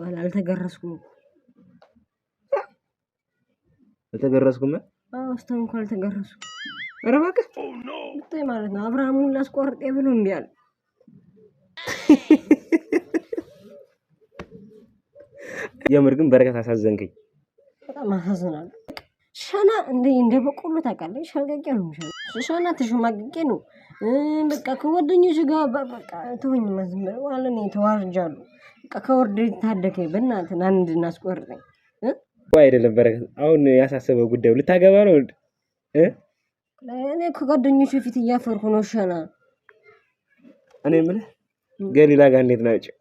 ዋላ አልተገረዝኩም እኮ አዎ እስካሁን እኮ ኧረ እባክህ ብታይ ማለት ነው አብርሃሙን ላስቆርጤ ብሎ እምቢ አለ። የምር ግን በረከት አሳዘንከኝ። በጣም አሳዝናል። ሸና እንደ እንደ በቆሎ ታውቃለህ፣ ሸልቀቄ ነው ሸና ሸና ተሸማቅቄ ነው በቃ ከጓደኞች ጋር በቃ ተወኝ ማለት ነው። ተዋርጃለሁ ከወርድ ታደገኝ። በእናትህ ና እንድናስቆርጠኝ አይደለም። በረከት አሁን ያሳሰበው ጉዳዩ ልታገባ ነው። እኔ ከጓደኞች ፊት እያፈርኩ ነው። ሸና እኔ ምን ገሊላ ጋር እንዴት ናቸው?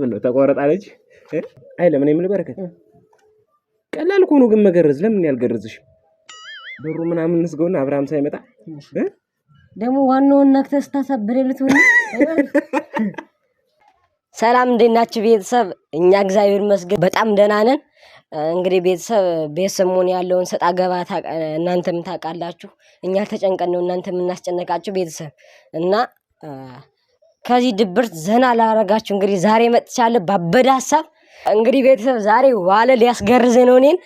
ምነው ተቆረጣለች? አይለም እኔ ምን በረከት ቀላል እኮ ግን መገረዝ። ለምን ያልገረዝሽ? ብሩ ምናምን ንስገውና አብርሃም ሳይመጣ ደግሞ ዋናውን ነክተህ ስታሳብር ልትሆን። ሰላም እንዴት ናችሁ ቤተሰብ? እኛ እግዚአብሔር ይመስገን በጣም ደህና ነን። እንግዲህ ቤተሰብ ቤተሰሙን ያለውን ሰጣ ገባ እናንተም ታውቃላችሁ። እኛ ተጨንቀን ነው እናንተ የምናስጨነቃችሁ ቤተሰብ እና ከዚህ ድብርት ዘና ላረጋችሁ እንግዲህ ዛሬ መጥቻለሁ ባበደ ሀሳብ። እንግዲህ ቤተሰብ ዛሬ ዋለ ሊያስገርዘ ነው እኔን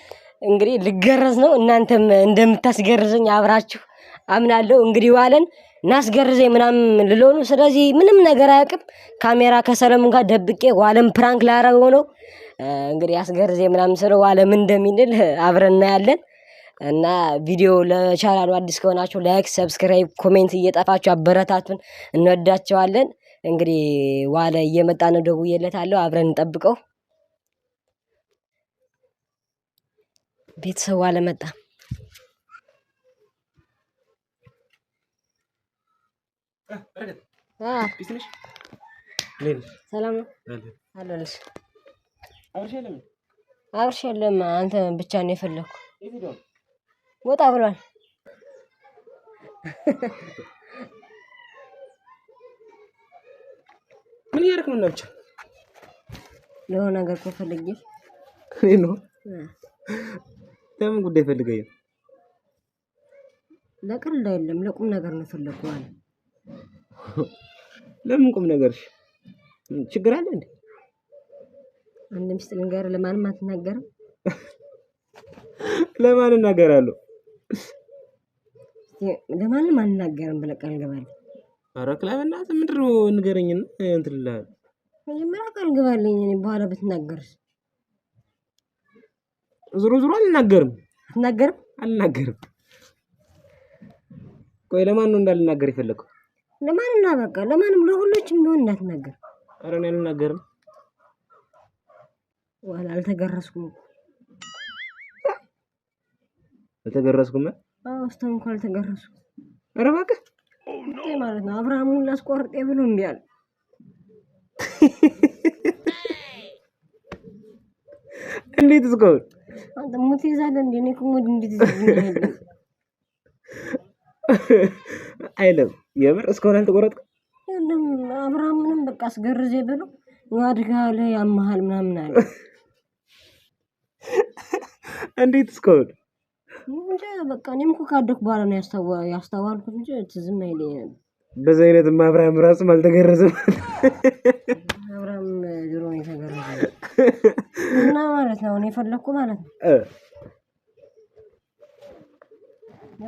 እንግዲህ ልገረዝ ነው። እናንተም እንደምታስገርዘኝ አብራችሁ አምናለሁ። እንግዲህ ዋለን ናስገርዜ ምናምን ልለሆኑ ስለዚህ ምንም ነገር አያውቅም። ካሜራ ከሰለሙን ጋር ደብቄ ዋለም ፕራንክ ላያረገው ነው። እንግዲህ አስገርዜ ምናምን ስለ ዋለም እንደሚንል አብረን እናያለን። እና ቪዲዮ ለቻናሉ አዲስ ከሆናችሁ ላይክ፣ ሰብስክራይብ፣ ኮሜንት እየጠፋችሁ አበረታቱን። እንወዳቸዋለን። እንግዲህ ዋለ እየመጣ ነው። ደውዬለታለሁ። አብረን እንጠብቀው። ዋለ መጣ። ሰላም አለሁልሽ። አብርሽ የለም፣ አንተ ብቻ ነው የፈለግኩ። ወጣ ብሏል። ምን እያደረክ ነው? ብቻ የሆነ ነገር እኮ ፈልጌ ነው። ለምን ጉዳይ ፈልገኝ? ለቀልድ አይደለም፣ ለቁም ነገር ነው የፈለኩ አለ ለምን ቁም ነገርሽ ችግር አለ እንዴ? አንድ ሚስት ልንገርህ፣ ለማንም አትናገርም። ለማን እናገራለሁ? ለማንም አንናገርም ብለህ ቃል ገባለሁ። ኧረ ክላ በእናትህ ምንድን ነው ንገረኝና እንትን እልሃለሁ። መጀመሪያ ቃል ገባልኝ። እኔ በኋላ ብትናገርስ? ዝሩ ዞሮ አልናገርም። አትናገርም? አልናገርም። ቆይ ለማን ነው እንዳልናገር የፈለከው? ለማን እና በቃ ለማንም ለሁሎችም ቢሆን እንዳትናገር። ኧረ እኔ ነገር ዋላ አልተገረዝኩም እኮ አልተገረዝኩም። አዎ እስካሁን እንኳን አልተገረዝኩም። ኧረ እባክህ ማለት ነው አብርሃሙን ላስቆርጤ ብሎ እምቢ አለ። እንዴት እስካሁን አንተ ሙት ይዛለህ እንዴ? እኔ እኮ ሙድ እንዴት ይዛለህ አይልም። የምር እስከሆነ አልተቆረጥክ የለም። አብርሃም ምንም በቃ አስገርዜ ብሎ ያድጋል፣ ያመሃል ምናምን አለ። እንዴት እስከሆነ እንጂ በቃ እኔም እኮ ካደኩ በኋላ ነው ያስተዋልኩት እንጂ ትዝም አይለኝ ነበር። በዚህ አይነት አብርሃም ራሱም አልተገረዘም። አብርሃም ድሮ ነው የተገረዘ እና ማለት ነው እኔ የፈለግኩ ማለት ነው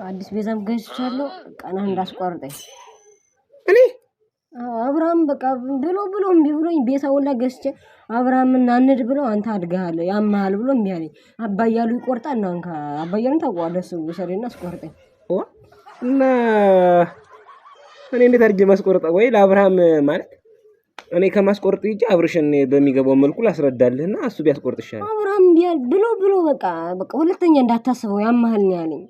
አዲስ ቤዛም ገዝቻለሁ። ቀና እንዳስቆርጠኝ እኔ አብርሃም በቃ ብሎ ብሎ እምቢ ብሎኝ ቤት አውላ ገዝቼ አብርሃም እናንድ ብሎ አንተ አድገሃል ያመሃል ብሎ እምቢ አለኝ። አባያሉ ይቆርጣ እና እንካ አባያሉን ታውቀዋለህ። እሱ ውሰዴና አስቆርጠኝ እና እኔ እንዴት አድርጌ ማስቆርጠ ወይ ለአብርሃም ማለት እኔ ከማስቆርጥ ይጭ አብርሽን በሚገባው መልኩ ላስረዳልህ ላስረዳልህና እሱ ቢያስቆርጥ ይሻላል። አብርሃም ብሎ ብሎ በቃ በቃ ሁለተኛ እንዳታስበው ያመሃል ነው ያለኝ።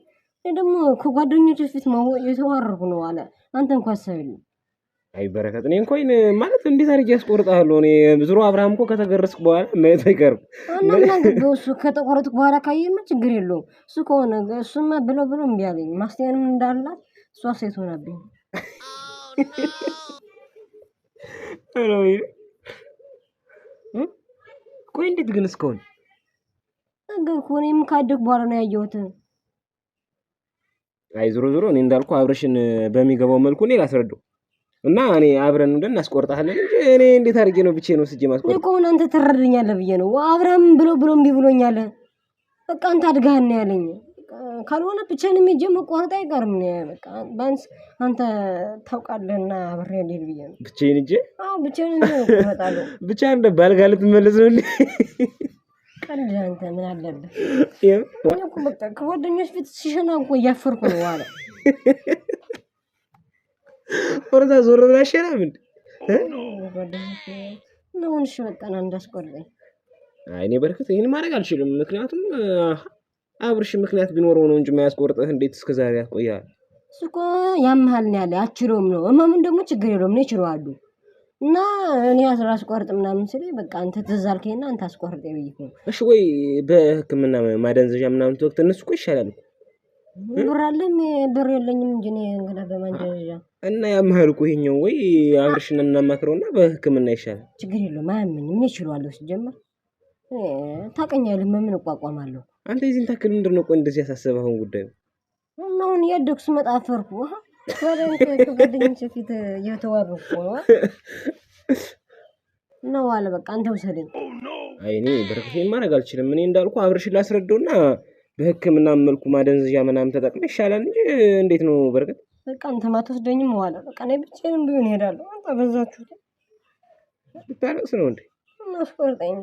ደግሞ ከጓደኞች ፊት ማወቅ የተዋረኩ ነው አለ። አንተ እንኳ ሰብል አይ በረከት፣ እኔ እንኳን ማለት እንዴት አድርጌ ያስቆርጣለሁ? እኔ ዙሮ አብርሃም እኮ ከተገረስኩ በኋላ ማየት አይቀርም። እሱ ከተቆረጥኩ በኋላ ካየማ ችግር የለውም። እሱ ከሆነ እሱማ ብሎ ብሎ እምቢ አለኝ። ማስቲያንም እንዳላት እሷ ሴት ሆናብኝ። ቆይ እንዴት ግን እስከሆን ነገርኩህ። እኔም ካደግኩ በኋላ ነው ያየሁት። አይ ዞሮ ዞሮ እኔ እንዳልኩ አብረሽን በሚገባው መልኩ እኔ ላስረዳው እና እኔ አብረን እንደን እናስቆርጣለን እንጂ እኔ እንዴት አድርጌ ነው ነው ስጄ ማስቆርጥ እኮ ምን አንተ ትረዳኛለህ ብዬ ነው። አብረን ብሎ ብሎ እምቢ ብሎኛል። በቃ አንተ አድጋህን ያለኝ። ካልሆነ ብቻዬን ሄጄ መቆረጥ አይቀርም ነው በቃ ባንስ አንተ ታውቃለህና አብሬ ልሄድ ብዬ ነው ብቻዬን ሄጄ። አዎ ብቻዬን ነው እቆረጣለሁ። ብቻ እንደ ባልጋ ልትመለስ ነው እንዴ? ቀልድ አንተ ምን አለብህ? ከጓደኞች ፊት ሲሸና እኮ እያፈርኩ ነው አለ ወረዳ ዞር ብላ ሽ በቃና እንዳስቆርጠኝ። እኔ በርከት ይህን ማድረግ አልችልም፣ ምክንያቱም አብርሽ ምክንያት ቢኖረው ነው እንጂ የማያስቆርጥህ እንዴት እስከዛሬ ያቆያል? እሱ እኮ ያመሃል ያለ አችሎም ነው። እማምን ደግሞ ችግር የለውም ነው ይችለዋሉ እና እኔ አስቋርጥ ምናምን ስል በቃ አንተ ትዝ አልከኝና አንተ አስቆርጥ ብዬሽ ነው። እሺ ወይ በህክምና ማደንዘዣ ምናምን ትወቅት እነሱ እኮ ይሻላል ብር አለም ብር የለኝም እንጂ እኔ እንግዳ በማደንዘዣ እና ያምህል እኮ ይሄኛው ወይ አብርሽን እናማክረውና በህክምና ይሻላል። ችግር የለውም አያመኝም። እኔ እችላለሁ ሲጀመር ታውቀኛለህ። ምን እቋቋማለሁ። አንተ የዚህን ታክል ምንድን ነው ቆይ እንደዚህ ያሳሰበኸውን ጉዳዩ እና አሁን እያደግኩ ስመጣ አፈርኩ። ወደንቶቹ ጓደኞች ፊት እየተዋረኩ ነው አለ። በቃ አንተ ውሰደኝ። አይ እኔ በረከቴን ማድረግ አልችልም። እኔ እንዳልኩ አብርሽን ላስረዳውና በህክምና መልኩ ማደንዘዣ ምናምን ተጠቅመ ይሻላል እንጂ እንዴት ነው በርግጥ በቃ አንተ ማትወስደኝም ዋለ። በቃ እኔ ብቻዬን ቢሆን እሄዳለሁ። አንተ በዛችሁ ብታለቅስ ነው እንዴ? ማስቆርጠኝ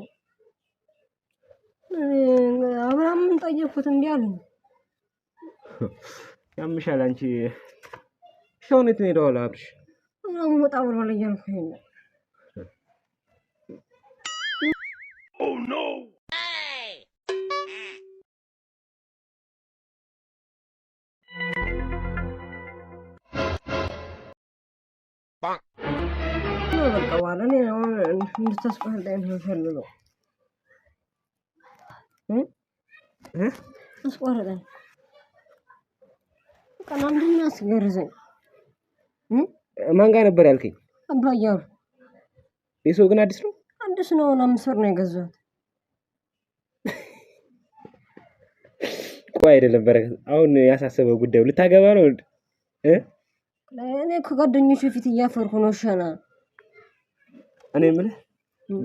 አብርሃምን ጠየቅኩት እምቢ አለኝ። ያምሻል አንቺ ሻውን የት ነው ሄደዋል? አብርሽ ምናምን ወጣ ብሏል እያልኩኝ ነው። oh, ነው የምፈልገው። አስቆርጠኝ በቃ ለምንድን ነው የሚያስገርዘኝ? ማን ጋር ነበር ያልከኝ? አባያሩ። የሰው ግን አዲስ ነው? አዲስ ነው። አምስት ብር ነው የገዛሁት። ቆይ አይደለም በረከት፣ አሁን ያሳሰበው ጉዳዩ ልታገባ ነው እ እኔ ከጓደኞች በፊት እያፈርኩ ነው። ሸና እኔ ምን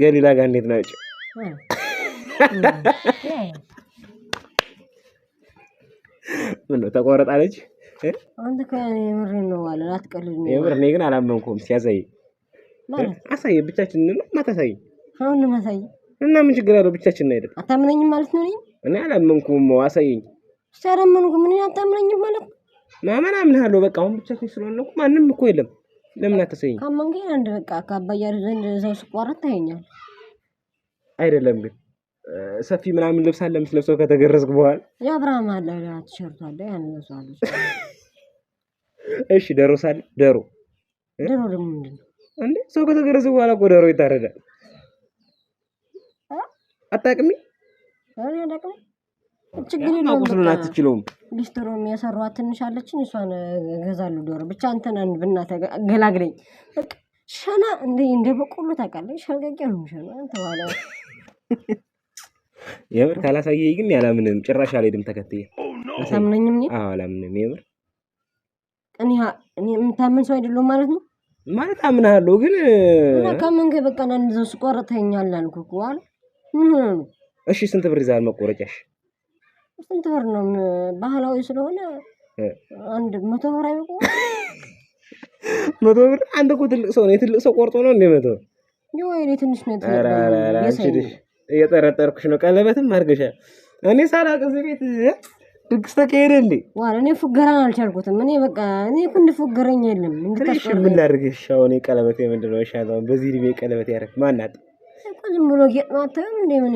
ገሊላ ጋር እንዴት ናቸው? ምን ነው ተቆረጣለች? አንተ የምሬን ነው አለ። አትቀልድ። የምር እኔ ግን አላመንኩም። ሲያሳይ አሳይ፣ ብቻችን ነው ማታሳይ አሁን ማሳይ እና ምን ችግር አለው? ብቻችን ነው አይደል? አታምነኝም ማለት ነው። እኔ አላመንኩም። ምን አታምነኝም ማለት ማመን አምንሃለሁ። በቃ አሁን ብቻችን ስለሆነ ማንም እኮ የለም። ለምን አታሳይኝ? አንድ በቃ ከአባያ ዘንድ ሰው ስቋረጥ ታየኛል። አይደለም ግን ሰፊ ምናምን ልብስ አለ የምትለብሰው ከተገረዝክ በኋላ የአብርሃም አለ ቲሸርት አለ ያን ለብሷል። እሺ ደሮ ሳለ ደሮ ደሮ ደግሞ ምንድን ነው እንዴ? ሰው ከተገረዝ በኋላ እኮ ደሮ ይታረዳል። አታውቅም? አይ አላውቅም። ችግር የለውም። ቁስሉን አትችለውም። ቢስትሮ የሚያሰሯት ትንሽ አለችን እሷን እገዛለሁ። ዶሮ ብቻ አንተን አንድ ብናትህ ገላግለኝ። ሸና እንደ በቆሎ ታውቃለህ። ሸርገቄ ነው ሸና ተባለ። የምር ካላሳየ ግን ያላምንም ጭራሽ አልሄድም። ተከትዬ oh, አሳምነኝም ነው። አዎ አላምንም። የምር እኔ እኔ የምታምን ሰው አይደለሁም ማለት ነው። ማለት አምናለሁ ግን ከመንገ በቃ አንድ እንደዛ ስቆርተኛል አልኩ እኮ አለ። እሺ ስንት ብር ይዛል መቆረጫሽ? ስንት ብር ነው? ባህላዊ ስለሆነ አንድ መቶ ብር አይቆ መቶ ብር አንድ እኮ ትልቅ ሰው ነው። የትልቅ ሰው ቆርጦ ነው እንደ መቶ ነው። ትንሽ ነው እየጠረጠርኩሽ ነው። ቀለበትም አድርገሻል። እኔ ሳላቅ እዚህ ቤት ድግስ ተካሄደ እንዴ? ዋለ እኔ ፉገራን አልቻልኩትም። እኔ በቃ እኔ ኩንድ ፉገረኝ የለም እንድታሽ ምን ላድርግሽ? አሁን ቀለበት ምንድን ነው ይሻለው? በዚህ እድሜ ቀለበት ያደርግ ማናት? ዝም ብሎ ጌጥ ነው። ማተም እንዴ? ምን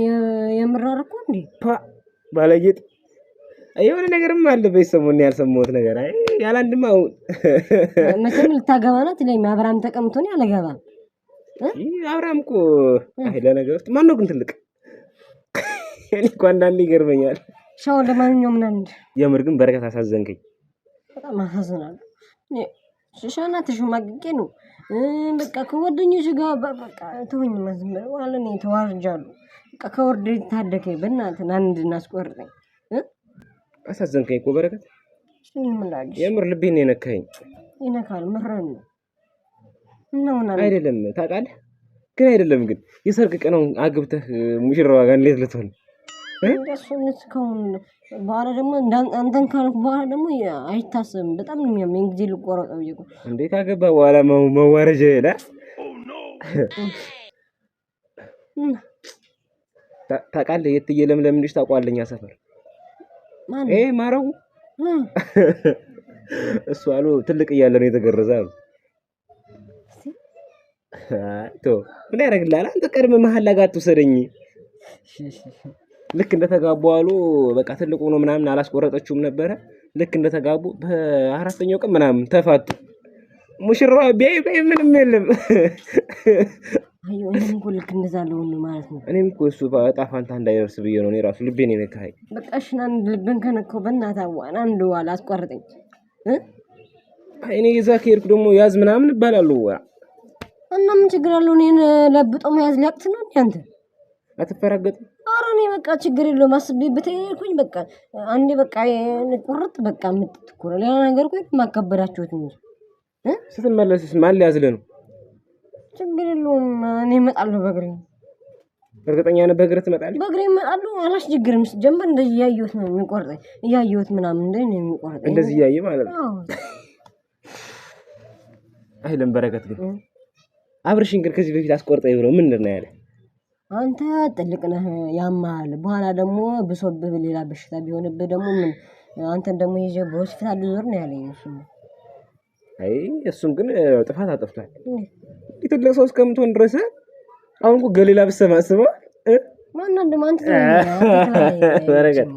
የምራርኩ እንዴ? ባለጌጥ የሆነ ነገርም አለ። በሰሞን ያልሰማሁት ነገር አይ ያለ አንድማ መቼም ልታገባ ናት። ለይ ማብራም ተቀምጦ ነው ያለገባ አብርሃም እኮ አይ ለነገር ማን ነው ግን ትልቅ? እኔ እኮ አንዳንዴ ይገርመኛል። ሻው ለማንኛውም ናንድ የምር ግን በረከት አሳዘንከኝ። በጣም አሳዝናለሁ። ሻና ተሸማግቄ ነው በቃ ከጓደኞች ጋር በቃ ተወኝ መዝም ዋለ እኔ ተዋርጃለሁ። በቃ ከወርድ ታደከኝ። በእናትህ ና እንድናስቆርጠኝ አሳዘንከኝ እኮ በረከት። የምር ልቤን የነካኸኝ። ይነካል ምረን ነው አይደለም ታውቃለህ፣ ግን አይደለም ግን የሰርግ ቀኑን አግብተህ ሙሽራዋ ጋር እንዴት ልትሆን በኋላ ደግሞ አንተን ካልኩ በኋላ ደግሞ አይታሰብም። በጣም ነው የሚያመኝ። ጊዜ ልቆረጠው እኮ እንዴት አገባ በኋላ መዋረጃ ይሄዳል። ታውቃለህ የትዬ ለምለም ልጅ ሰፈር ማረው እሱ አሉ ትልቅ እያለ ነው የተገረዘ አሉ ምን ያደርግልሃል? አንተ ቀድመህ መሀላ ጋር አትውሰደኝ። ልክ እንደተጋቡ አሉ በቃ ትልቁ ነው ምናምን አላስቆረጠችውም ነበረ። ልክ እንደተጋቡ በአራተኛው ቀን ምናምን ተፋቱ። ሙሽራ ቢያይ ቢያይ ምንም የለም። እኔም እኮ ልክ እንደዛ ለሆነ ማለት ነው። እኔም እኮ እሱ በእጣ ፋንታ እንዳይደርስ ብዬ ነው። እኔ ራሱ ልቤን የነካኸኝ። በቃ እሺ፣ ና ልብን ከነካው በእናትህ አዋና እንደዋላ አስቆርጠኝ። እኔ የዛ ከሄድኩ ደግሞ ያዝ ምናምን እባላለሁ። እና ምን ችግር አለው? እኔን ለብጦ መያዝ ሊያቅት ነው እንዴ አንተ? አትፈራገጥ። ኧረ እኔ በቃ ችግር የለውም አስቤበት ሄድኩኝ። በቃ አንዴ በቃ ቁርጥ በቃ ምጥጥ እኮ ነው። ሌላ ነገር እኮ የማከበዳችሁት እንጂ ስትመለስስ ማን ሊያዝልህ ነው? ችግር የለውም እኔ እመጣለሁ በእግሬ። እርግጠኛ ነህ በእግርህ ትመጣለህ? በእግሬ እመጣለሁ። አላስቸግርም። ስትጀምር እንደዚህ እያየሁት ነው የሚቆርጠኝ። እያየሁት ምናምን እንደ ነው የሚቆርጠኝ። እንደዚህ እያየህ ማለት ነው። አይልም በረከት ግን አብርሽን ግን ከዚህ በፊት አስቆርጠኝ ብሎ ምንድን ነው ያለ? አንተ ጥልቅ ነህ ያማል። በኋላ ደግሞ ብሶብህ ሌላ በሽታ ቢሆንብህ ደግሞ ምን አንተን ደግሞ ይዤ በሆስፒታል ልዞር ነው ያለኝ። እሱ አይ እሱም ግን ጥፋት አጠፍቷል። ትልቅ ሰው እስከምትሆን ድረስ አሁን እኮ ገሌላ ብሰማ ስማ ማናንድም አንተ በረከት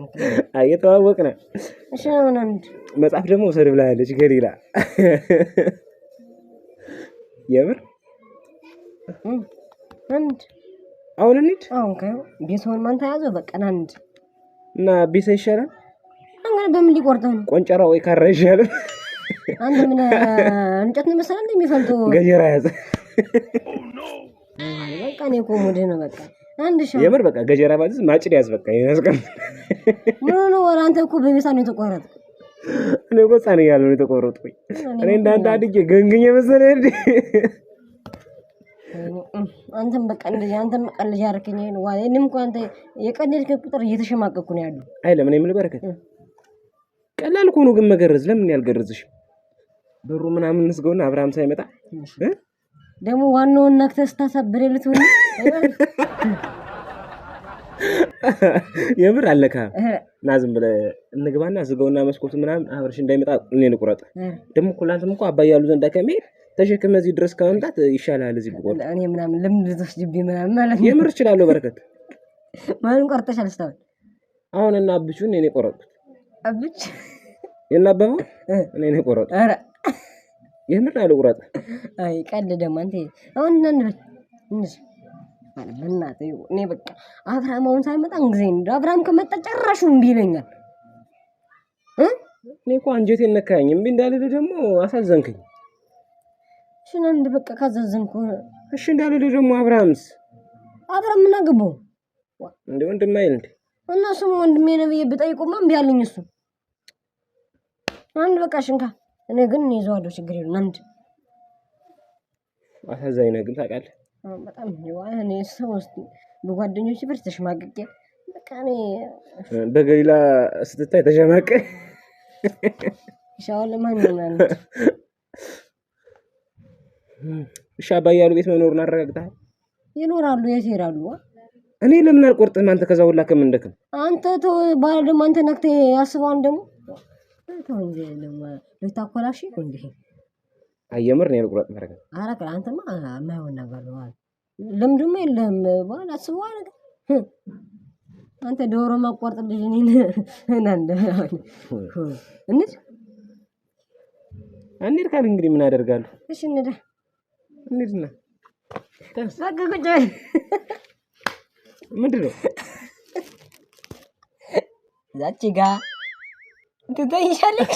እየተዋወቅን መጽሐፍ ደግሞ ውሰድ ብላለች ገሌላ የምር አንድ አሁን እንሂድ። አሁን ቤተሰቡን ማን ተያዘው? በቃ አንድ እና ቤተ ይሻላል። እንግዲህ በምን ሊቆርጠው ነው? ቆንጨራ ወይ ካራ ይሻላል። አንድ ምን እንጨት ነው መሰለህ እንደሚፈልጠው ገጀራ ያዘ። በቃ እኔ እኮ ሙድ ነው። በቃ አንድ ሻ የምር በቃ ገጀራ ባዝ ማጭድ ያዝ። በቃ ይነስቀም ምን ነው ወራ አንተ እኮ በሚሳ ነው የተቆረጥኩት። እኔ እኮ ሕፃን እያለሁ ነው የተቆረጥኩኝ። እኔ እንዳንተ አድጌ ገንግኝ መሰለህ እንዴ አንተም በቃ እንደዚህ አንተም በቃ ልጅ ዋይ እኔም እኮ አንተ የቀለድከ ቁጥር እየተሸማቀኩ ነው ያሉ አይ ለምን የምልህ በረከት ቀላል እኮ ነው ግን መገረዝ። ለምን ያልገረዝሽ? በሩ ምናምን እንስገውና አብርሃም ሳይመጣ ደግሞ ዋናውን ነክተህ ስታሳብር ልትሆን የምር አለካ እና ዝም ብለህ እንግባና ስገውና መስኮት ምናምን አብርሽ እንዳይመጣ እኔ ልቁረጥ ደግሞ እኮ ለአንተም እኮ አባያሉ ዘንዳ ከመሄድ ተሸክመ እዚህ ድረስ ከመምጣት ይሻላል። እዚህ ብቆርጥ እኔ ምናምን ለምን ልትወስጅብኝ ምናምን ማለት የምር እችላለሁ። በረከት ማንም ቆርጠሻል ስታውል አሁን እና አብቹን እኔ ቆረጥኩት። አብች እና አበቡ እኔ እኔ ቆረጥኩት። ኧረ የምር አለ ቁረጥ። አይ ቀልድ ደግሞ አንተ አሁን እና እንበል እንሽ ማለት በእናትህ እኔ በቃ አብርሃም አሁን ሳይመጣ እንግዜ እንደው አብርሃም ከመጣ ጨራሹ እምቢ ይለኛል እ እኔ እኮ አንጀቴን ነካኸኝ። እምቢ እንዳልልህ ደግሞ አሳዘንክኝ። እሺን አንድ በቃ ካዘዝንኩ እሺ እንዳልሄደ ደግሞ አብርሃምስ አብርሃም ምን አገባው እንደ ወንድም አይል እንዴ እና እሱም ወንድሜ ነው ብዬ ብጠይቁማ እምቢ አለኝ እሱ አንድ በቃ ሽንካ እኔ ግን ይዘዋለሁ ችግር የለም አንድ አሳዛኝ ነው ግን ታውቃለህ በጣም እኔ ሰው ውስጥ በጓደኞች ብርስ ተሸማቅቄ በቃ እኔ በገሊላ ስትታይ ተሸማቀ ሻውን ለማን ነው እሺ አባዬ ያሉ ቤት መኖሩን አረጋግጠሃል? ይኖራሉ። የት ይሄዳሉ? እኔ ለምን አልቆርጥም? አንተ ከዛ ሁላ ከምን እንደከም አንተ ተው። ባለ ደግሞ አንተ ነክተህ ያስበዋል ደግሞ ተው እንጂ ልታኮላሽ እንዴ! አየምር ነው ያልቁራጥ ማረጋ አረከ አንተማ የማይሆን ነገር ነው። ልምዱም የለህም በኋላ አስበው አረጋ አንተ ዶሮ ማቆርጥ ልጅ እኔን እናንደ እንዴ እንዴ ካል እንግዲህ ምን አደርጋለሁ? እሺ እንዴ እንሂድና ምንድን ነው ዛቺ ጋ ትተይሻለች።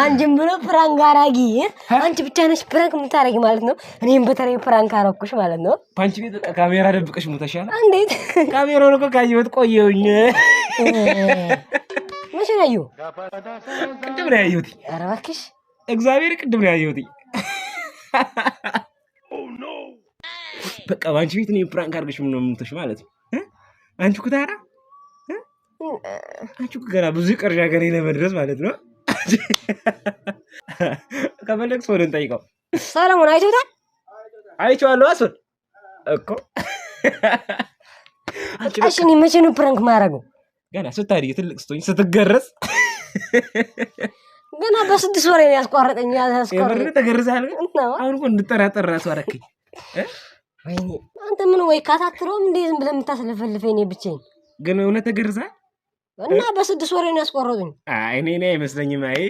አንቺን ብሎ ፕራንክ አራጊ አንቺ ብቻ ነሽ ፕራንክ የምታረጊ ማለት ነው። እኔም በተለይ ፕራንክ አረኩሽ ማለት ነው። ባንቺ ቤት ካሜራ ደብቀሽ ሙተሻል። እንዴት ካሜራውን እኮ ካየሁት ቆየሁኝ። መቼ ነው ያየሁት? ቅድም ነው ያየሁት። ኧረ እባክሽ እግዚአብሔር ቅድም ነው ያየሁት። Oh, በቃ በአንቺ ቤት እኔ ፕራንክ አድርገሽ ምን ምንቶች ማለት ነው። አንቺ ኩታራ አንቺ ገና ብዙ ቀርሻ ገሬ ለመድረስ ማለት ነው። ከፈለግ ሰሆንን ጠይቀው። ሰለሞን አይቶታል። አይቼዋለሁ። አሱን እኮ እሺ፣ እኔ መቼ ነው ፕራንክ ማያደርገው? ገና ስታድጊ ትልቅ ስትሆኝ ስትገረጽ ገና በስድስት ወሬ ያስቋረጠኝ ያስቆር ተገርዛል። አሁን እንድጠራጠር ራሱ አደረከኝ። አንተ ምን ወይ ካታትረውም እንዴ ዝም ብለህ የምታስለፈልፈኝ? እኔ ብቻዬን ግን እውነት ተገርዛል እና በስድስት ወሬ ነው ያስቆረጡኝ። እኔ እኔ አይመስለኝም። አይ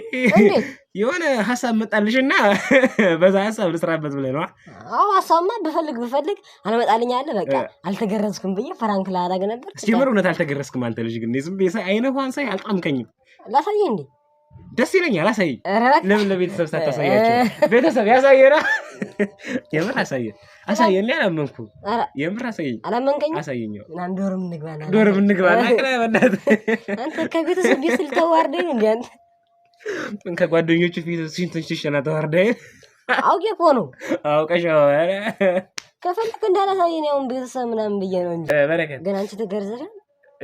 የሆነ ሀሳብ መጣልሽ እና በዛ ሀሳብ ልስራበት ብለህ ነዋ። አዎ ሀሳብማ ብፈልግ ብፈልግ አልመጣልኝ አለ። በቃ አልተገረዝኩም ብዬ ፈራንክ ላደርግ ነበር። እስኪ እውነት አልተገረዝክም አንተ ልጅ ግን ዝም ብዬ አይነ ዋንሳይ አልጣምከኝም። ላሳየ እንዴ ደስ ይለኛል። አሳይ። ለምን ለቤተሰብ ሳታሳያቸው? ቤተሰብ ያሳየና የምር አሳየ አሳየ። እኔ አላመንኩ። የምር አሳየኝ። አላመንከኝ? አሳየኝ። ዶርም እንግባና ዶርም እንግባና አንተ ከቤተሰብ ቤት እንዲ አንተ ከጓደኞቹ ፊት አውቄ እኮ ነው አውቀሽ ከፈልክ እንዳላሳየን ቤተሰብ ምናምን ብዬ ነው እንጂ በረከት ግን አንቺ ትገርዘሻል።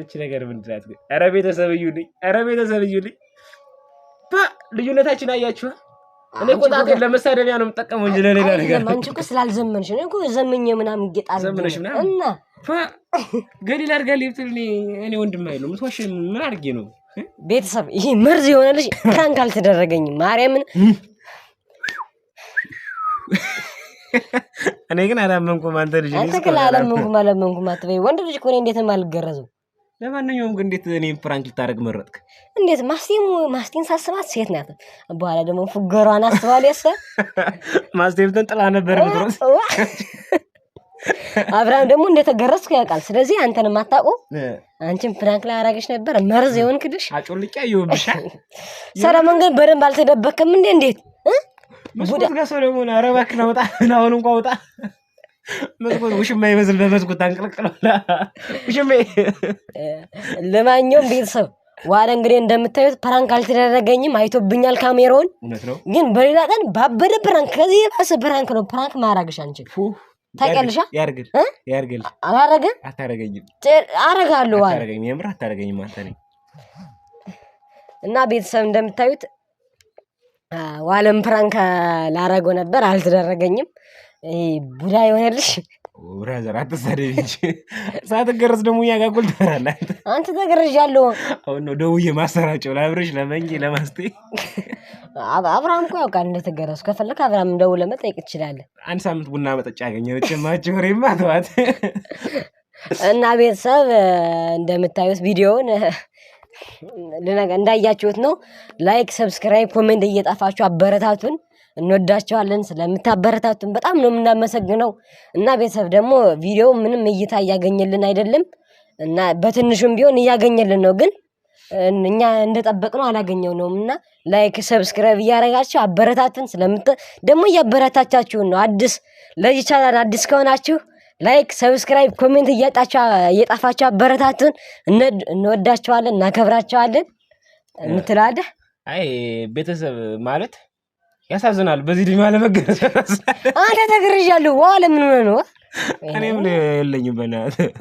እች ነገር ምንድናት? ኧረ ቤተሰብ እዩልኝ! ኧረ ቤተሰብ እዩልኝ! ልዩነታችን አያችሁ። እኔ ቆጣት ለመሳደቢያ ነው የምጠቀመው እንጂ ለሌላ ነገር አንቺ እኮ ስላልዘመንሽ ነው እኮ ዘመኘ ምናምን ጌጣ ዘመነሽ ምናምን እና ገሊላ አድርጋ ሊብትል እኔ ወንድም አይሉ ምትዋሽ ምን አድርጌ ነው ቤተሰብ ይሄ መርዝ የሆነ ልጅ ፕራንክ አልተደረገኝ ማርያምን። እኔ ግን አላመንኩም። አንተ ልጅ አንተ ግን አላመንኩም አላመንኩም አትበይ። ወንድ ልጅ እኮ እኔ እንዴትም አልገረዝም ለማንኛውም ግን እንዴት እኔ ፕራንክ ልታደርግ መረጥክ? እንዴት ማስቴም ማስቴን ሳስባት ሴት ናት። በኋላ ደግሞ ፉገሯን አስባል ያሰ ማስቴም ጥላ ነበር ምድሮስ አብርሃም ደግሞ እንደተገረስኩ ያውቃል። ስለዚህ አንተን ማታቁ አንቺን ፕራንክ ላይ አራገሽ ነበር መርዝ የሆን ክድሽ አጮልቄ ይሁብሻ። ሰለሞን ግን በደንብ አልተደበክም እንዴ? እንዴት መስኮት ጋር ሰለሞን አረባክ ናውጣ አሁን እንኳ ውጣ መስኮት ውሽማ ይመስል በመስኮት አንቀልቅለላ ውሽሜ። ለማንኛውም ቤተሰብ ዋለ እንግዲህ እንደምታዩት ፕራንክ አልተደረገኝም፣ አይቶብኛል ካሜሮን። ግን በሌላ ቀን ባበደ ፕራንክ፣ ከዚህ የባሰ ፕራንክ ነው ፕራንክ ማራግሽ አንችል ታቀልሻ ያርግል ያርግል። አላረገም አታረገኝም። አረጋለሁ ዋለ የምር አታረገኝም አንተ ነኝ እና ቤተሰብ እንደምታዩት ዋለም ፕራንክ ላረገው ነበር፣ አልተደረገኝም። ቡዳ ይሆናልሽ። ብራዘር አትሳደብ እንጂ ሳትገረዝ ደግሞ እኛ ጋር እኩል ትበላለህ። አንተ ተገርዣለሁ። አሁን ነው ደውዬ ማሰራጨው ለአብረሽ፣ ለመንጌ፣ ለማስቴ። አብርሃም እኮ ያውቃል እንደተገረዝ። ከፈለክ አብርሃም ደውለህ መጠየቅ ትችላለህ። አንድ ሳምንት ቡና መጠጫ ያገኘ ጭማቸው ሬማ ተዋት እና ቤተሰብ እንደምታዩት ቪዲዮውን እንዳያችሁት ነው። ላይክ፣ ሰብስክራይብ፣ ኮሜንት እየጣፋችሁ አበረታቱን። እንወዳቸዋለን። ስለምታበረታቱን በጣም ነው የምናመሰግነው። እና ቤተሰብ ደግሞ ቪዲዮ ምንም እይታ እያገኘልን አይደለም እና በትንሹም ቢሆን እያገኘልን ነው ግን እኛ እንደጠበቅነው አላገኘው ነውም እና ላይክ ሰብስክራይብ እያደረጋችሁ አበረታትን። ስለምት ደግሞ እያበረታቻችሁን ነው። አዲስ ለዚህ ቻናል አዲስ ከሆናችሁ ላይክ ሰብስክራይብ፣ ኮሜንት እየጣፋችሁ አበረታትን። እንወዳችኋለን፣ እናከብራችኋለን። ምትላለህ? አይ ቤተሰብ ማለት ያሳዝናል። በዚህ ድሜ አለመገረዝ አንተ ተገርዣለሁ። ዋ ለምን ሆነ ነው? እኔም የለኝም በእናትህ